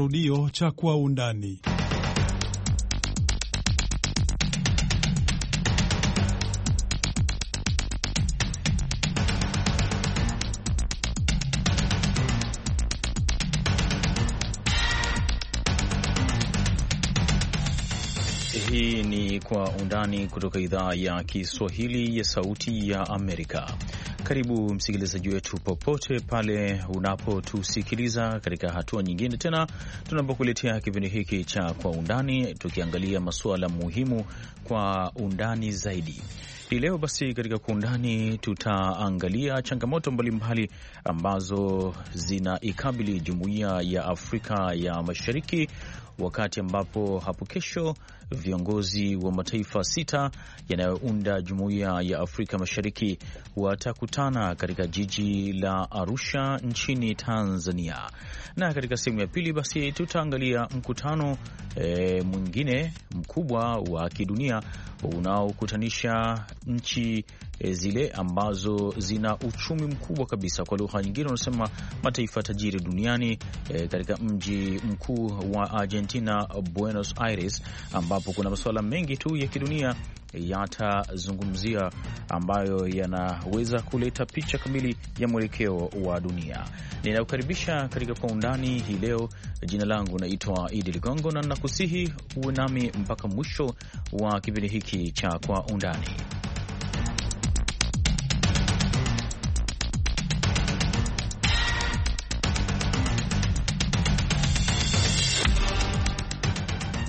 Rudio cha kwa undani. Hii ni kwa undani kutoka idhaa ya Kiswahili ya Sauti ya Amerika. Karibu msikilizaji wetu popote pale unapotusikiliza katika hatua nyingine tena, tunapokuletea kipindi hiki cha Kwa Undani, tukiangalia masuala muhimu kwa undani zaidi. Hii leo basi, katika Kwa Undani tutaangalia changamoto mbalimbali mbali ambazo zinaikabili Jumuiya ya Afrika ya Mashariki wakati ambapo hapo kesho viongozi wa mataifa sita yanayounda jumuiya ya Afrika Mashariki watakutana katika jiji la Arusha nchini Tanzania. Na katika sehemu ya pili, basi tutaangalia mkutano e, mwingine mkubwa wa kidunia unaokutanisha nchi E, zile ambazo zina uchumi mkubwa kabisa. Kwa lugha nyingine, wanasema mataifa tajiri duniani e, katika mji mkuu wa Argentina, Buenos Aires, ambapo kuna masuala mengi tu ya kidunia yatazungumzia ambayo yanaweza kuleta picha kamili ya mwelekeo wa dunia. Ninakukaribisha katika Kwa Undani hii leo. Jina langu naitwa Idi Ligongo na nakusihi uwe nami mpaka mwisho wa kipindi hiki cha Kwa Undani.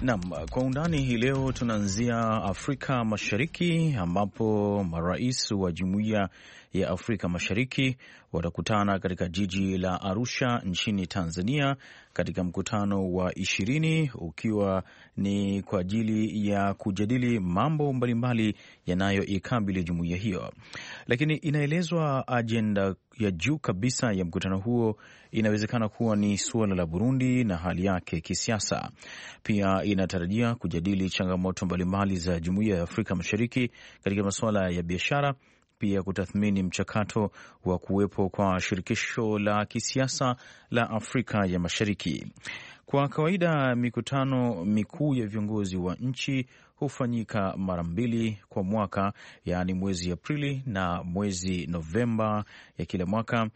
nam kwa undani hii leo tunaanzia Afrika Mashariki ambapo marais wa Jumuiya ya Afrika Mashariki watakutana katika jiji la Arusha nchini Tanzania katika mkutano wa ishirini ukiwa ni kwa ajili ya kujadili mambo mbalimbali yanayoikabili jumuiya hiyo, lakini inaelezwa ajenda ya juu kabisa ya mkutano huo inawezekana kuwa ni suala la Burundi na hali yake kisiasa. Pia inatarajia kujadili changamoto mbalimbali za Jumuiya ya Afrika Mashariki katika masuala ya biashara, pia kutathmini mchakato wa kuwepo kwa shirikisho la kisiasa la Afrika ya Mashariki. Kwa kawaida mikutano mikuu ya viongozi wa nchi hufanyika mara mbili kwa mwaka, yaani mwezi Aprili na mwezi Novemba ya kila mwaka.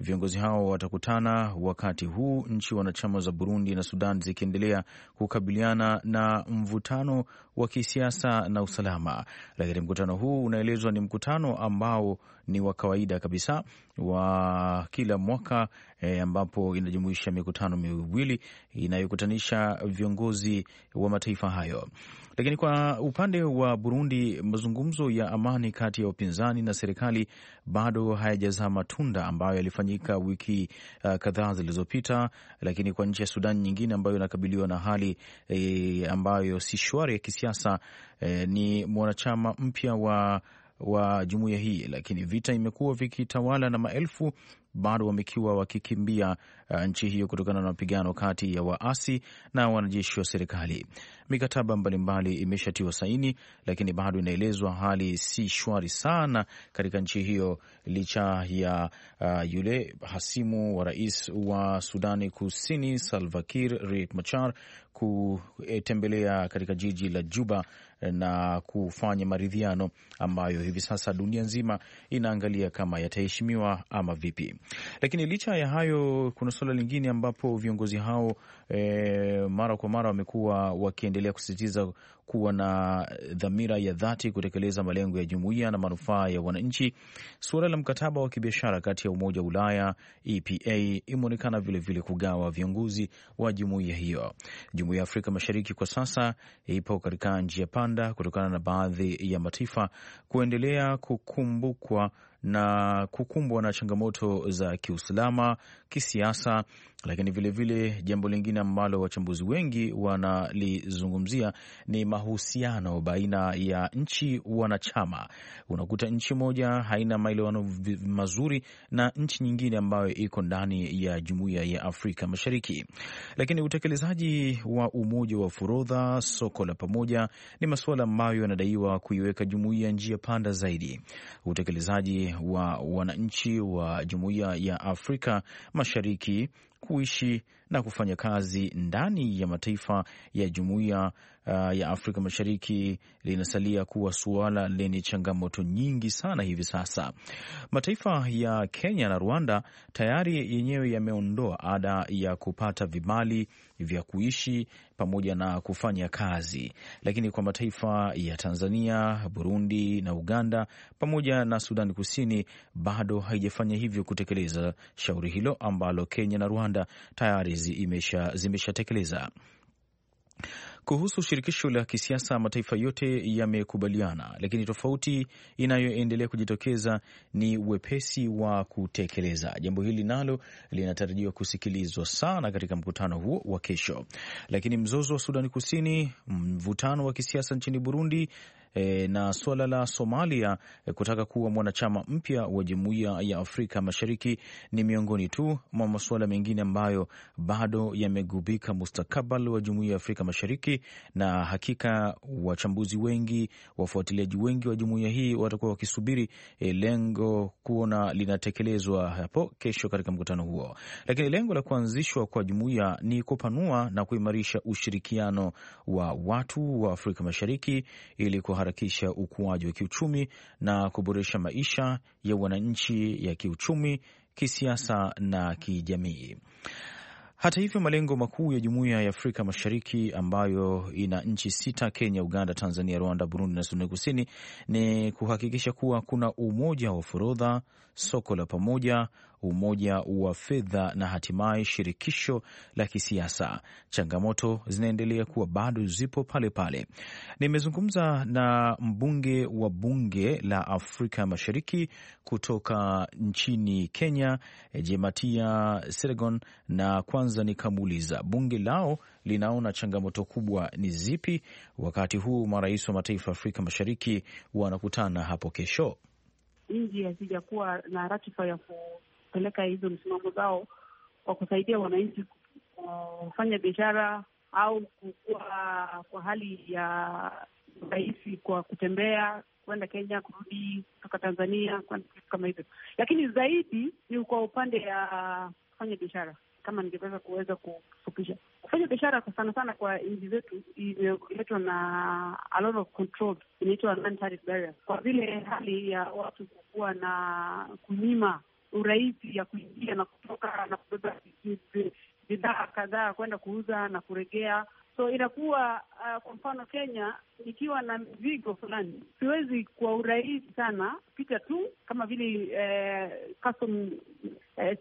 Viongozi hao watakutana wakati huu nchi wanachama za Burundi na Sudan zikiendelea kukabiliana na mvutano wa kisiasa na usalama. Lakini mkutano huu unaelezwa ni mkutano ambao ni wa kawaida kabisa wa kila mwaka e, ambapo inajumuisha mikutano miwili inayokutanisha viongozi wa mataifa hayo. Lakini kwa upande wa Burundi, mazungumzo ya amani kati ya upinzani na serikali bado hayajazaa matunda ambayo yalifanyika wiki uh, kadhaa zilizopita. Lakini kwa nchi ya Sudan nyingine ambayo inakabiliwa na hali e, ambayo si shwari ya kisiasa kisiasa e, ni mwanachama mpya wa wa jumuiya hii, lakini vita imekuwa vikitawala na maelfu bado wamekiwa wakikimbia Uh, nchi hiyo kutokana na mapigano kati ya waasi na wanajeshi wa serikali. Mikataba mbalimbali imeshatiwa saini, lakini bado inaelezwa hali si shwari sana katika nchi hiyo, licha ya uh, yule hasimu wa rais wa Sudani Kusini Salva Kiir Riek Machar kutembelea katika jiji la Juba na kufanya maridhiano ambayo hivi sasa dunia nzima inaangalia kama yataheshimiwa ama vipi. Lakini licha ya hayo kuna suala lingine ambapo viongozi hao e, mara kwa mara wamekuwa wakiendelea kusisitiza kuwa na dhamira ya dhati kutekeleza malengo ya jumuiya na manufaa ya wananchi. Suala la mkataba wa kibiashara kati ya Umoja wa Ulaya EPA imeonekana vilevile kugawa viongozi wa jumuiya hiyo. Jumuiya ya Afrika Mashariki kwa sasa ipo katika njia panda kutokana na baadhi ya mataifa kuendelea kukumbukwa na kukumbwa na changamoto za kiusalama, kisiasa lakini vilevile jambo lingine ambalo wachambuzi wengi wanalizungumzia ni mahusiano baina ya nchi wanachama. Unakuta nchi moja haina maelewano mazuri na nchi nyingine ambayo iko ndani ya jumuiya ya Afrika Mashariki. Lakini utekelezaji wa umoja wa forodha, soko la pamoja, ni masuala ambayo yanadaiwa kuiweka jumuiya njia panda zaidi. Utekelezaji wa wananchi wa jumuiya ya Afrika Mashariki 呼吸。na kufanya kazi ndani ya mataifa ya jumuiya uh, ya Afrika Mashariki linasalia kuwa suala lenye changamoto nyingi sana hivi sasa. Mataifa ya Kenya na Rwanda tayari yenyewe yameondoa ada ya kupata vibali vya kuishi pamoja na kufanya kazi, lakini kwa mataifa ya Tanzania, Burundi na Uganda pamoja na Sudani Kusini bado haijafanya hivyo kutekeleza shauri hilo ambalo Kenya na Rwanda tayari hizi zimeshatekeleza. Kuhusu shirikisho la kisiasa, mataifa yote yamekubaliana, lakini tofauti inayoendelea kujitokeza ni uwepesi wa kutekeleza. Jambo hili nalo linatarajiwa kusikilizwa sana katika mkutano huo wa kesho. Lakini mzozo wa Sudani Kusini, mvutano wa kisiasa nchini Burundi e, na suala la Somalia e, kutaka kuwa mwanachama mpya wa jumuiya ya Afrika Mashariki ni miongoni tu mwa masuala mengine ambayo bado yamegubika mustakabali wa jumuiya ya Afrika Mashariki, na hakika wachambuzi wengi, wafuatiliaji wengi wa jumuiya hii watakuwa wakisubiri e, lengo kuona linatekelezwa hapo kesho katika mkutano huo. Lakini lengo la kuanzishwa kwa jumuiya ni kupanua na kuimarisha ushirikiano wa watu wa Afrika Mashariki ili kuharakisha ukuaji wa kiuchumi na kuboresha maisha ya wananchi ya kiuchumi, kisiasa na kijamii. Hata hivyo malengo makuu ya jumuiya ya Afrika Mashariki ambayo ina nchi sita: Kenya, Uganda, Tanzania, Rwanda, Burundi na Sudani Kusini, ni kuhakikisha kuwa kuna umoja wa forodha, soko la pamoja, umoja wa fedha na hatimaye shirikisho la kisiasa, changamoto zinaendelea kuwa bado zipo pale pale. Nimezungumza na mbunge wa bunge la Afrika Mashariki kutoka nchini Kenya, Jematia Seregon, na kwanza nikamuuliza bunge lao linaona changamoto kubwa ni zipi wakati huu marais wa mataifa ya Afrika Mashariki wanakutana hapo kesho. Nchi hazijakuwa na ratifa ya kupeleka hizo msimamo zao kwa kusaidia wananchi kufanya biashara au kukua kwa hali ya rahisi kwa kutembea kwenda Kenya, kurudi kutoka Tanzania, kama hivyo. Lakini zaidi ni kwa upande ya kufanya biashara, kama ningeweza kuweza kufupisha kufanya biashara kwa sana sana kwa nchi zetu imeletwa na a lot of control, inaitwa non-tariff kwa vile hali ya watu kukuwa na kunyima urahisi ya kuingia na kutoka na kubeba bidhaa kadhaa kwenda kuuza na kuregea. So inakuwa uh, kwa mfano Kenya, nikiwa na mzigo fulani siwezi kwa urahisi sana pita tu kama vile eh, custom Eh,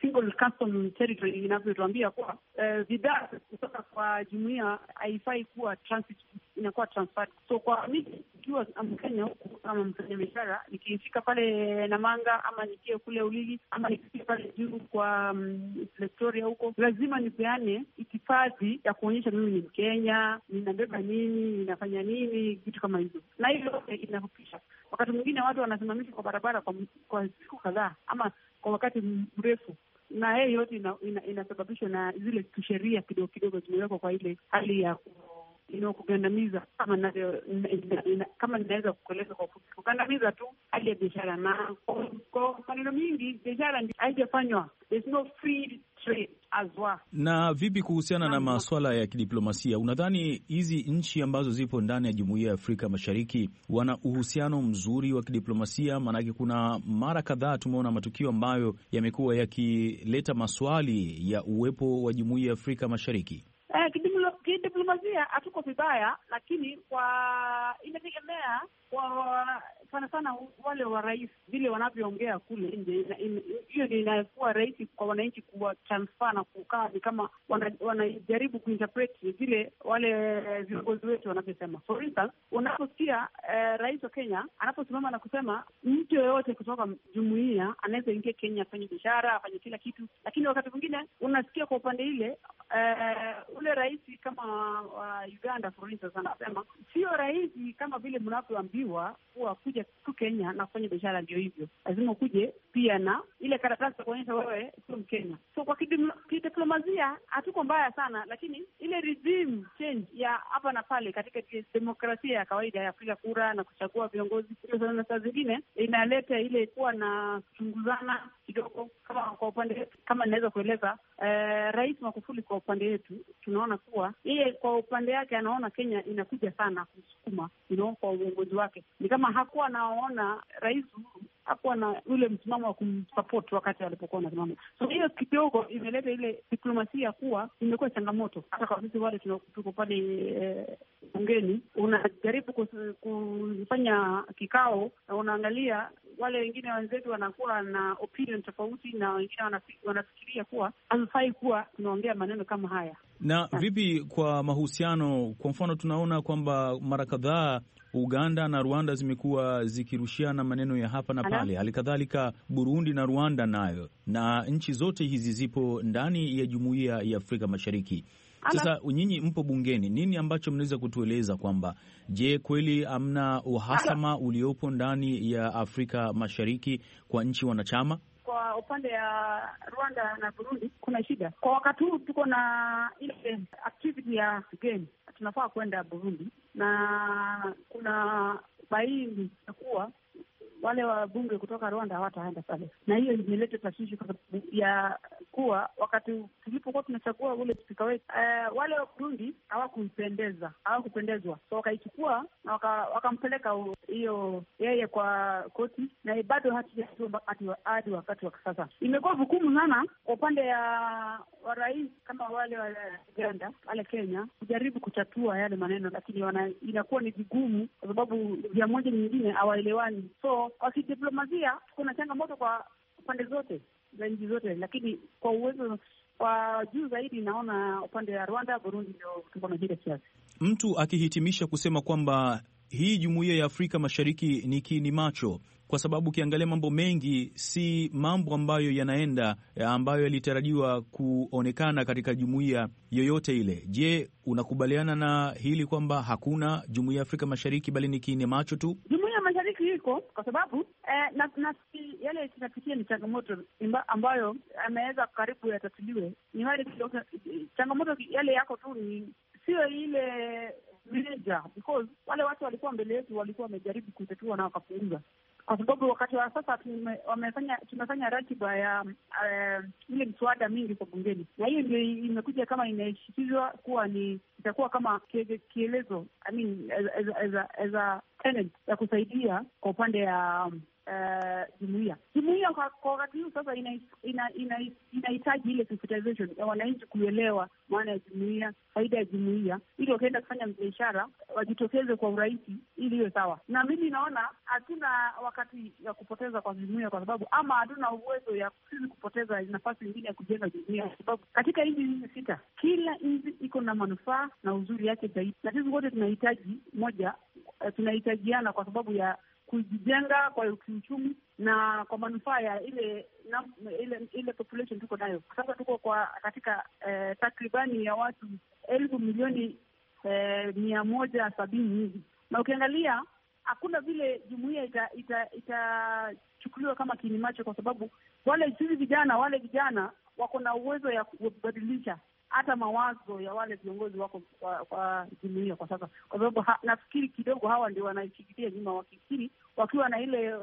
single custom territory inavyotuambia kuwa eh, bidhaa kutoka kwa jumuia haifai kuwa transit, inakuwa transferred. So kwa mimi ikiwa Mkenya huku ama mfanya biashara, nikifika pale Namanga ama nikie kule Ulili ama nikifika pale juu kwa Pretoria mm, huko, lazima nipeane itifadhi ya kuonyesha mimi ni Mkenya, ninabeba nini, ninafanya nini, vitu kama hivyo, na yote inafupisha. Wakati mwingine watu wanasimamishwa kwa barabara kwa, kwa siku kadhaa ama kwa wakati mrefu, na yeye yote inasababishwa ina, ina na zile sheria kidogo kidogo zimewekwa kwa ile hali ya inakugandamiza kama navyo kama inaweza kukueleza kwa ufupi, kugandamiza tu hali ya biashara, na kwa maneno mingi biashara haijafanywa, there's no free trade as Na vipi kuhusiana na maswala ya kidiplomasia, unadhani hizi nchi ambazo zipo ndani ya jumuiya ya Afrika Mashariki wana uhusiano mzuri wa kidiplomasia? Maanake kuna mara kadhaa tumeona matukio ambayo yamekuwa yakileta maswali ya uwepo wa jumuiya ya Afrika Mashariki. Uh, kidiplomasia hatuko vibaya, lakini kwa inategemea kwa sana sana wale wa rais vile wanavyoongea kule nje, hiyo ndio inakuwa rahisi kwa wananchi kuwa transfer na kukaa ni kama wanajaribu wana kuinterpret vile wale viongozi wetu wanavyosema. For instance, unaposikia eh, rais wa Kenya anaposimama na kusema mtu yoyote kutoka jumuiya anaweza ingia Kenya afanye biashara afanye kila kitu, lakini wakati mwingine unasikia kwa upande ile eh, ule rais sisi kama wa Uganda provinces anasema sio rahisi kama vile mnavyoambiwa kuwa kuja tu Kenya na kufanya biashara. Ndio hivyo, lazima ukuje pia na ile karatasi za kuonyesha wewe sio Mkenya. So kwa kidiplomasia hatuko mbaya sana, lakini ile regime change ya hapa na pale katika demokrasia ya kawaida ya kupiga kura na kuchagua viongozi, na saa zingine inaleta ile kuwa na kuchunguzana kidogo. Kama kwa upande wetu, kama inaweza kueleza eh, Rais Magufuli, kwa upande wetu tunaona kuwa kuwa yeye kwa upande yake anaona Kenya inakuja sana kumsukuma you know, kwa uongozi wake. Ni kama hakuwa anaona Rais Uhuru hakuwa na ule msimamo wa kumsupport wakati alipokuwa anasimama. So hiyo kidogo imeleta ile diplomasia kuwa imekuwa changamoto, hata kwa sisi wale tuko pale eh, bungeni, unajaribu kufanya kikao na unaangalia wale wengine wenzetu wanakuwa na opinion tofauti, na wengine wanafikiria kuwa hamfai kuwa tunaongea maneno kama haya. Na vipi kwa mahusiano? Kwa mfano, tunaona kwamba mara kadhaa Uganda na Rwanda zimekuwa zikirushiana maneno ya hapa na pale, hali kadhalika Burundi na Rwanda nayo, na nchi zote hizi zipo ndani ya Jumuiya ya Afrika Mashariki. Sasa nyinyi mpo bungeni, nini ambacho mnaweza kutueleza kwamba je, kweli amna uhasama uliopo ndani ya Afrika Mashariki kwa nchi wanachama? Kwa upande ya Rwanda na Burundi kuna shida kwa wakati huu, tuko na ile activity ya game, tunafaa kwenda Burundi na kuna baini kuwa wale wabunge kutoka Rwanda hawataenda pale, na hiyo imeleta tashwishi kwa sababu ya kuwa wakati tulipokuwa tunachagua ule spika wetu uh, wale wa Burundi hawakuipendeza hawakupendezwa, so wakaichukua na wakampeleka waka hiyo yeye kwa koti, na bado hatujajua hadi wakati wa sasa. Imekuwa vigumu sana kwa upande ya warais kama wale wa Uganda wale Kenya kujaribu kuchatua yale maneno, lakini wana, inakuwa ni vigumu kwa sababu vya moja nyingine hawaelewani so kwa kidiplomasia kuna changamoto kwa pande zote za nchi zote, lakini kwa uwezo kwa juu zaidi naona upande wa Rwanda, Burundi ndio tuko na jira kiasi. Mtu akihitimisha kusema kwamba hii jumuiya ya Afrika Mashariki ni kiini macho, kwa sababu ukiangalia mambo mengi si mambo ambayo yanaenda ambayo yalitarajiwa kuonekana katika jumuiya yoyote ile. Je, unakubaliana na hili kwamba hakuna jumuiya ya Afrika Mashariki bali ni kiini macho tu? Jumuiya haki iko kwa sababu eh, na, na yale tunapitia ni changamoto ambayo ameweza karibu yatatuliwe. Ni wale changamoto yale yako tu, ni sio ile major, because wale watu walikuwa mbele yetu walikuwa wamejaribu kutatua na wakapunguza kwa sababu wakati wa sasa tumefanya tumefanya ratiba ya uh, ile mswada mingi kwa bungeni, na hiyo ndio imekuja kama inashikizwa kuwa ni itakuwa kama kielezo I mean, as a, as a, as a tenant ya kusaidia kwa upande ya um, jumuia uh, jumuia kwa wakati huu sasa inahitaji ina, ina, ina ile ya wananchi kuelewa maana ya jumuia, faida ya jumuia, ili wakienda kufanya biashara wajitokeze kwa urahisi ili iwe sawa. Na mimi naona hatuna wakati ya kupoteza kwa jumuia, kwa sababu ama hatuna uwezo ya sisi kupoteza nafasi nyingine ya kujenga jumuia, kwa sababu katika hizi hizi sita kila nchi iko na manufaa na uzuri yake zaidi, na sisi wote tunahitaji moja, eh, tunahitajiana kwa sababu ya kujijenga kwa kiuchumi na kwa manufaa ya ile na, ile ile population tuko nayo sasa. Tuko kwa katika eh, takribani ya watu elfu milioni eh, mia moja sabini hivi, na ukiangalia hakuna vile jumuia itachukuliwa ita, ita kama kiini macho, kwa sababu wale sisi vijana wale vijana wako na uwezo ya kubadilisha hata mawazo ya wale viongozi wako kwa jumuia kwa sasa, kwa sababu nafikiri kidogo hawa ndio wanaifikiria nyuma, wakifikiri wakiwa na ile uh,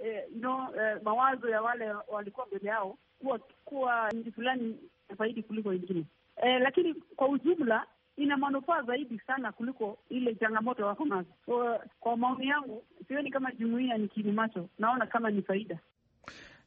uh, know, uh, mawazo ya wale walikuwa mbele yao kuwa kuwa nchi fulani faidi kuliko ingine uh, lakini kwa ujumla ina manufaa zaidi sana kuliko ile changamoto wako nazo. So, kwa maoni yangu sioni kama jumuia ni kini macho, naona kama ni faida.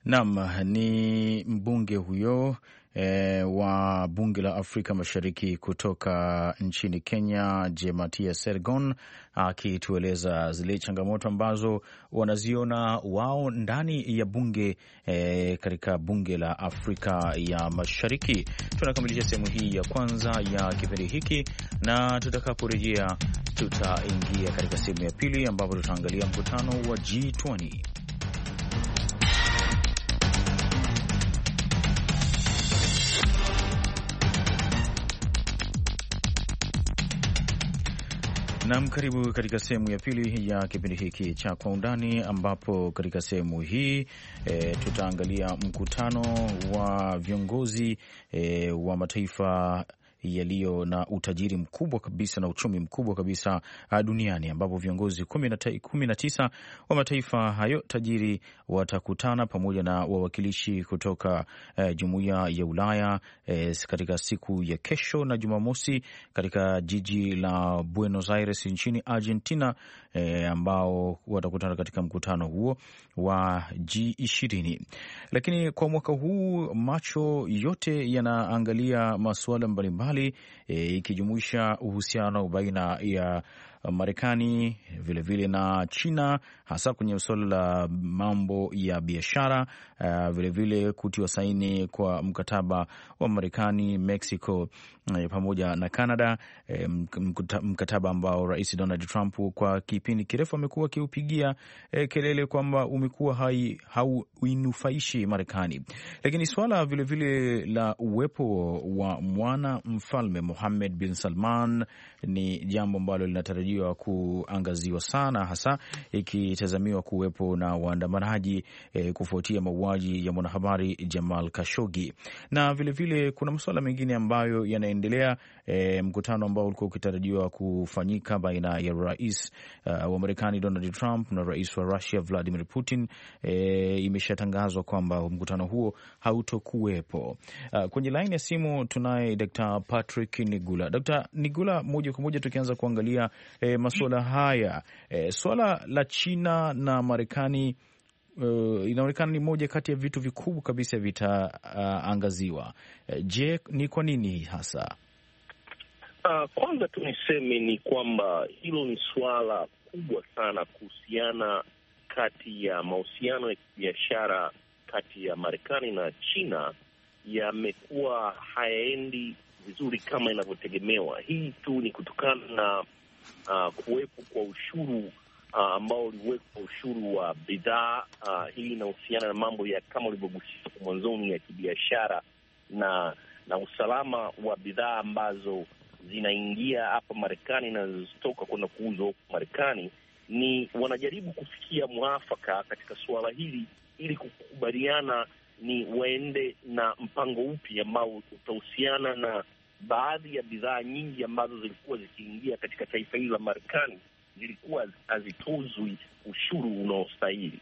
Naam, ni mbunge huyo e, wa bunge la Afrika Mashariki kutoka nchini Kenya, Jematia Sergon akitueleza zile changamoto ambazo wanaziona wao ndani ya bunge e, katika bunge la Afrika ya Mashariki. Tunakamilisha sehemu hii ya kwanza ya kipindi hiki, na tutakaporejea tutaingia katika sehemu ya pili ambapo tutaangalia mkutano wa G20. Nam, karibu katika sehemu ya pili ya kipindi hiki cha Kwa Undani, ambapo katika sehemu hii e, tutaangalia mkutano wa viongozi e, wa mataifa yaliyo na utajiri mkubwa kabisa na uchumi mkubwa kabisa ah, duniani, ambapo viongozi kumi na tisa wa mataifa hayo tajiri watakutana pamoja na wawakilishi kutoka eh, jumuiya ya Ulaya eh, katika siku ya kesho na Jumamosi katika jiji la Buenos Aires nchini Argentina, eh, ambao watakutana katika mkutano huo wa G20. Lakini kwa mwaka huu macho yote yanaangalia masuala mbalimbali mbalimbali e, ikijumuisha uhusiano baina ya Marekani vilevile na China hasa kwenye suala la mambo ya biashara, vilevile eh, kutiwa saini kwa mkataba wa Marekani, Mexico eh, pamoja na Canada, eh, mkataba ambao Rais Donald Trump kwa kipindi kirefu amekuwa akiupigia kelele kwamba umekuwa hauinufaishi Marekani. Lakini suala vilevile la uwepo wa mwana mfalme muhamed bin Salman ni jambo ambalo linatarajiwa kuangaziwa sana, hasa iki ilitazamiwa kuwepo na waandamanaji e, kufuatia mauaji ya mwanahabari Jamal Kashogi, na vilevile vile, kuna masuala mengine ambayo yanaendelea e, mkutano ambao ulikuwa ukitarajiwa kufanyika baina ya rais uh, wa Marekani Donald Trump na rais wa Russia Vladimir Putin e, imeshatangazwa kwamba mkutano huo hautokuwepo. Uh, kwenye laini ya simu tunaye Dr. Patrick Nigula. Dr. Nigula, moja kwa moja tukianza kuangalia e, masuala haya e, swala la China China na Marekani Uh, inaonekana ni moja kati ya vitu vikubwa kabisa vitaangaziwa. Uh, je, ni kwa nini hasa? Uh, kwanza tu niseme ni kwamba hilo ni suala kubwa sana kuhusiana kati ya mahusiano ya kibiashara kati ya Marekani na China yamekuwa hayaendi vizuri kama inavyotegemewa. Hii tu ni kutokana na uh, kuwepo kwa ushuru Uh, ambao uliwekwa ushuru wa bidhaa uh, hii inahusiana na mambo ya kama ulivyogusia mwanzoni ya kibiashara na na usalama wa bidhaa ambazo zinaingia hapa Marekani na zinazotoka kwenda kuuzwa huku Marekani. Ni wanajaribu kufikia mwafaka katika suala hili ili kukubaliana ni waende na mpango upi ambao utahusiana na baadhi ya bidhaa nyingi ambazo zilikuwa zikiingia katika taifa hili la Marekani zilikuwa hazitozwi ushuru unaostahili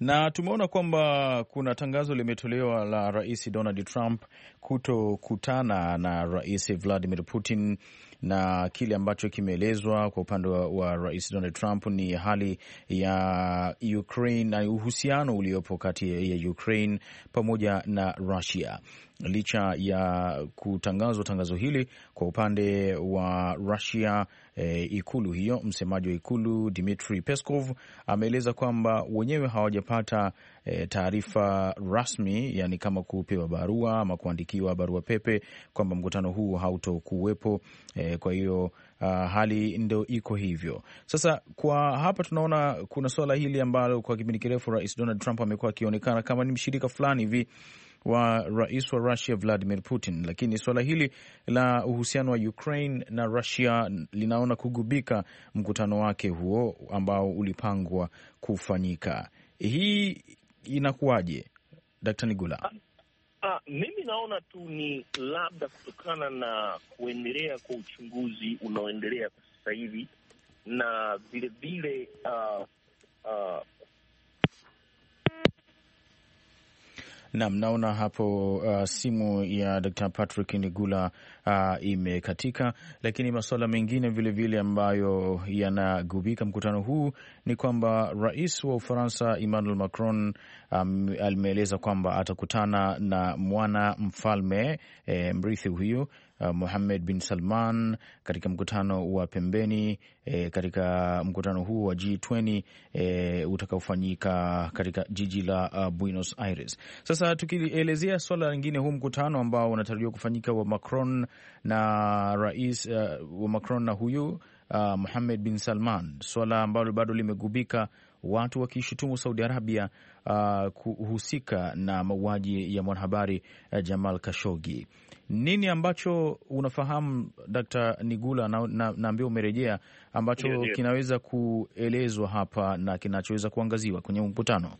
na tumeona kwamba kuna tangazo limetolewa la Rais Donald Trump kutokutana na Rais Vladimir Putin, na kile ambacho kimeelezwa kwa upande wa, wa Rais Donald Trump ni hali ya Ukraine na uhusiano uliopo kati ya Ukraine pamoja na Russia licha ya kutangazwa tangazo hili kwa upande wa Rusia. E, eh, ikulu hiyo, msemaji wa ikulu Dmitri Peskov ameeleza kwamba wenyewe hawajapata e, taarifa rasmi, yani kama kupewa barua ama kuandikiwa barua pepe kwamba mkutano huu hautokuwepo. E, kwa hiyo Uh, hali ndo iko hivyo sasa. Kwa hapa tunaona kuna suala hili ambalo kwa kipindi kirefu Rais Donald Trump amekuwa akionekana kama ni mshirika fulani hivi wa rais wa Rusia Vladimir Putin, lakini suala hili la uhusiano wa Ukraine na Rusia linaona kugubika mkutano wake huo ambao ulipangwa kufanyika. Hii inakuwaje, Daktari Nigula? Ah, ah, mimi naona tu ni labda kutokana na kuendelea kwa uchunguzi unaoendelea kwa sasa hivi na vilevile uh, ah, uh, ah, Nam, naona hapo uh, simu ya Dr. Patrick Nigula uh, imekatika, lakini masuala mengine vilevile vile ambayo yanagubika mkutano huu ni kwamba rais wa Ufaransa Emmanuel Macron um, ameeleza kwamba atakutana na mwana mfalme e, mrithi huyu Muhamed bin Salman katika mkutano wa pembeni e, katika mkutano huu wa G20 e, eh, utakaofanyika katika jiji la uh, Buenos Aires. Sasa tukielezea swala lingine, huu mkutano ambao unatarajiwa kufanyika wa Macron na rais uh, wa Macron na huyu uh, Muhamed bin Salman, swala ambalo bado limegubika watu wakishutumu Saudi Arabia uh, kuhusika na mauaji ya mwanahabari uh, Jamal Kashogi. Nini ambacho unafahamu Dkt. Nigula, naambia na, na umerejea, ambacho yeah, yeah, kinaweza kuelezwa hapa na kinachoweza kuangaziwa kwenye mkutano?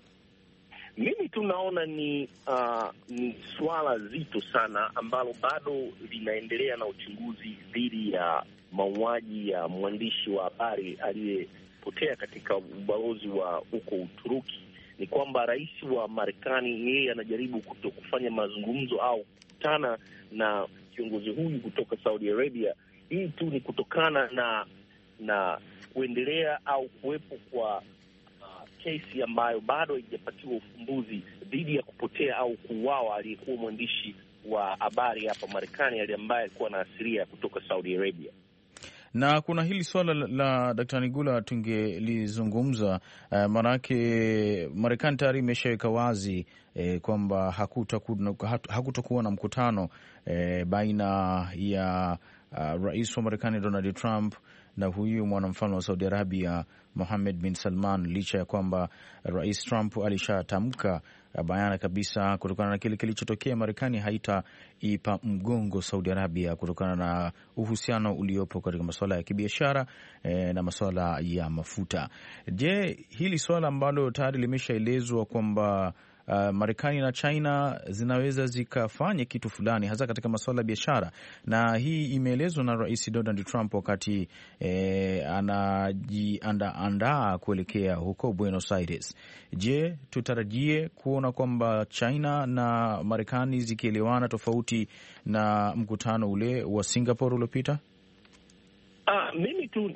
Mimi tunaona ni uh, ni swala zito sana ambalo bado linaendelea na uchunguzi dhidi ya mauaji ya mwandishi wa habari aliyepotea katika ubalozi wa huko Uturuki ni kwamba rais wa Marekani yeye anajaribu kuto kufanya mazungumzo au kukutana na kiongozi huyu kutoka Saudi Arabia. Hii tu ni kutokana na na kuendelea au kuwepo kwa uh, kesi ambayo bado haijapatiwa ufumbuzi dhidi ya kupotea au kuuawa aliyekuwa mwandishi wa habari hapa Marekani, ali ambaye alikuwa na asiria kutoka Saudi Arabia. Na kuna hili swala la, la nigula tungelizungumza uh, eh, maanake Marekani tayari imeshaweka wazi eh, kwamba hakutakuwa na mkutano eh, baina ya uh, rais wa Marekani Donald Trump na huyu mwanamfalme wa Saudi Arabia Mohammed bin Salman, licha ya kwamba Rais Trump alishatamka uh, bayana kabisa kutokana na kile kilichotokea, Marekani haitaipa mgongo Saudi Arabia kutokana na uhusiano uliopo katika masuala ya kibiashara e, na masuala ya mafuta. Je, hili swala ambalo tayari limeshaelezwa kwamba uh, Marekani na China zinaweza zikafanya kitu fulani, hasa katika masuala ya biashara, na hii imeelezwa na Rais Donald Trump wakati eh, anajiandaandaa kuelekea huko Buenos Aires. Je, tutarajie kuona kwamba China na Marekani zikielewana tofauti na mkutano ule wa Singapore uliopita? Ah, mimi tu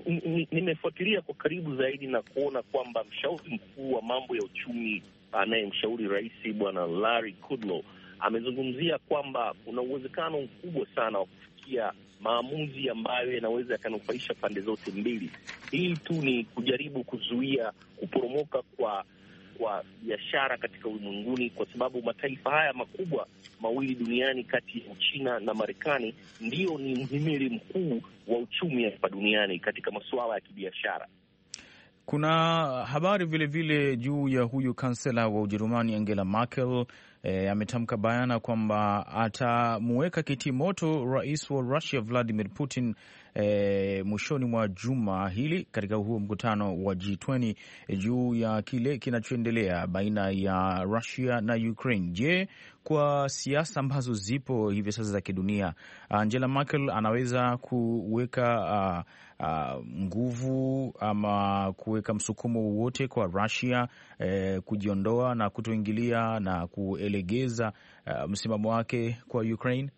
nimefuatilia kwa karibu zaidi na kuona kwamba mshauri mkuu wa mambo ya uchumi anayemshauri rais Bwana Larry Kudlow amezungumzia kwamba kuna uwezekano mkubwa sana wa kufikia maamuzi ambayo yanaweza yakanufaisha pande zote mbili. Hii tu ni kujaribu kuzuia kuporomoka kwa kwa biashara katika ulimwenguni, kwa sababu mataifa haya makubwa mawili duniani kati ya Uchina na Marekani ndio ni mhimili mkuu wa uchumi hapa duniani katika masuala ya kibiashara. Kuna habari vilevile vile juu ya huyu kansela wa Ujerumani Angela Merkel. E, ametamka bayana kwamba atamuweka kitimoto rais wa Russia Vladimir Putin e, mwishoni mwa juma hili katika huo mkutano wa G20 e, juu ya kile kinachoendelea baina ya Russia na Ukraine. Je, kwa siasa ambazo zipo hivi sasa za kidunia, Angela Merkel anaweza kuweka uh, Uh, nguvu ama kuweka msukumo wowote kwa Russia eh, kujiondoa na kutoingilia na kuelegeza uh, msimamo wake kwa Ukraine?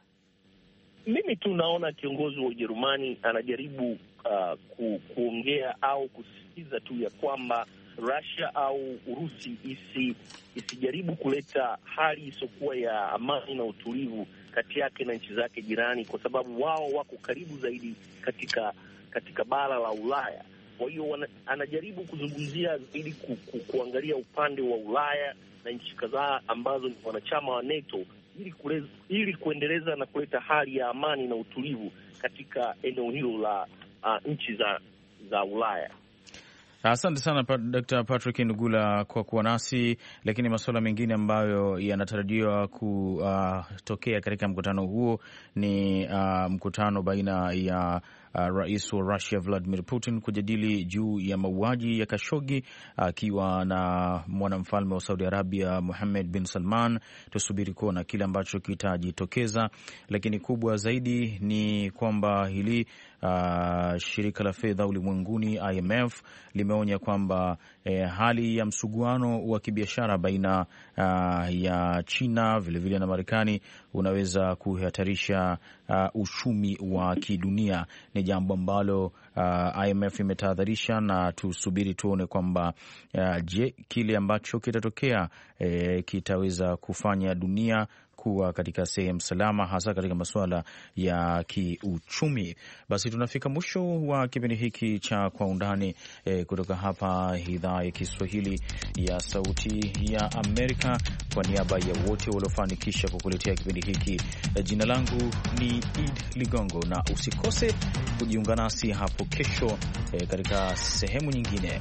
Mimi tu naona kiongozi wa Ujerumani anajaribu uh, ku, kuongea au kusisitiza tu ya kwamba Russia au Urusi isi, isijaribu kuleta hali isiyokuwa ya amani na utulivu kati yake na nchi zake jirani, kwa sababu wao wako karibu zaidi katika katika bara la Ulaya. Kwa hiyo anajaribu kuzungumzia zaidi ku, ku, kuangalia upande wa Ulaya na nchi kadhaa ambazo ni wanachama wa NATO ili, kule, ili kuendeleza na kuleta hali ya amani na utulivu katika eneo hilo la uh, nchi za, za Ulaya. Asante sana Dr. Patrick Ndugula kwa kuwa nasi. Lakini masuala mengine ambayo yanatarajiwa kutokea uh, katika mkutano huo ni uh, mkutano baina ya uh, rais wa Russia Vladimir Putin kujadili juu ya mauaji ya Kashogi akiwa uh, na mwanamfalme wa Saudi Arabia Muhammad bin Salman. Tusubiri kuona kile ambacho kitajitokeza, lakini kubwa zaidi ni kwamba hili uh, shirika la fedha ulimwenguni IMF limeonya kwamba eh, hali ya msuguano wa kibiashara baina uh, ya China vilevile vile na Marekani unaweza kuhatarisha uh, uchumi wa kidunia. Ni jambo ambalo uh, IMF imetahadharisha, na tusubiri tuone kwamba uh, je, kile ambacho kitatokea eh, kitaweza kufanya dunia kuwa katika sehemu salama, hasa katika masuala ya kiuchumi. Basi tunafika mwisho wa kipindi hiki cha Kwa Undani e, kutoka hapa idhaa ya Kiswahili ya Sauti ya Amerika. Kwa niaba ya wote waliofanikisha kukuletea kipindi hiki, eh, jina langu ni Id Ligongo, na usikose kujiunga nasi hapo kesho e, katika sehemu nyingine.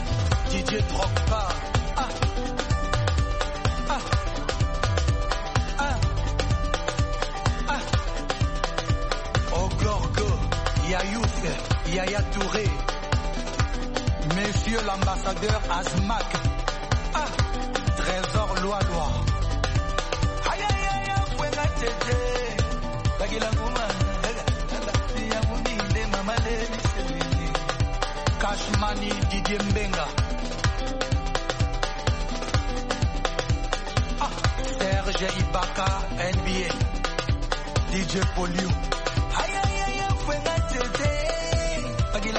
Didier Drogba. Ah. Ah. ah. ah. Oh, Yayouf, Yaya Touré. Monsieur l'ambassadeur Azmak. Ah. Trésor Loa-Loa. Aïe aïe aïe, Didier Mbenga. DJ Ibaka, NBA, DJ Polio. aïe Aïe aïe tete, aïe aïe aïe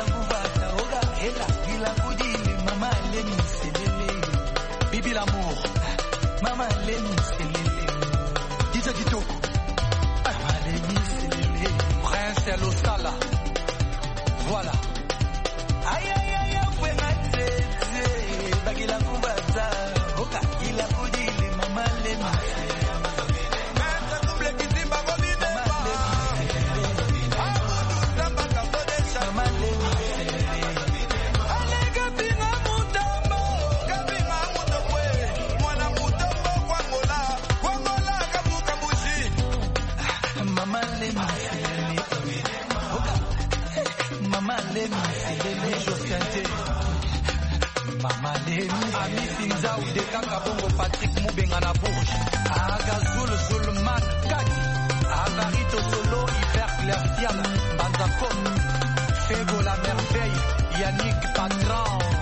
aïe gila aïe mama aïe selele, bibi l'amour, mama aïe selele, DJ aïe mama aïe prince à aïe voilà. aïe aïe aïe tete, bagila Ndawi de kaka Patrick Moubenga na Bourges aga Zul Zulman Kaki aga Solo Hiver Banda Banzapom Fego la merveille Yannick Patron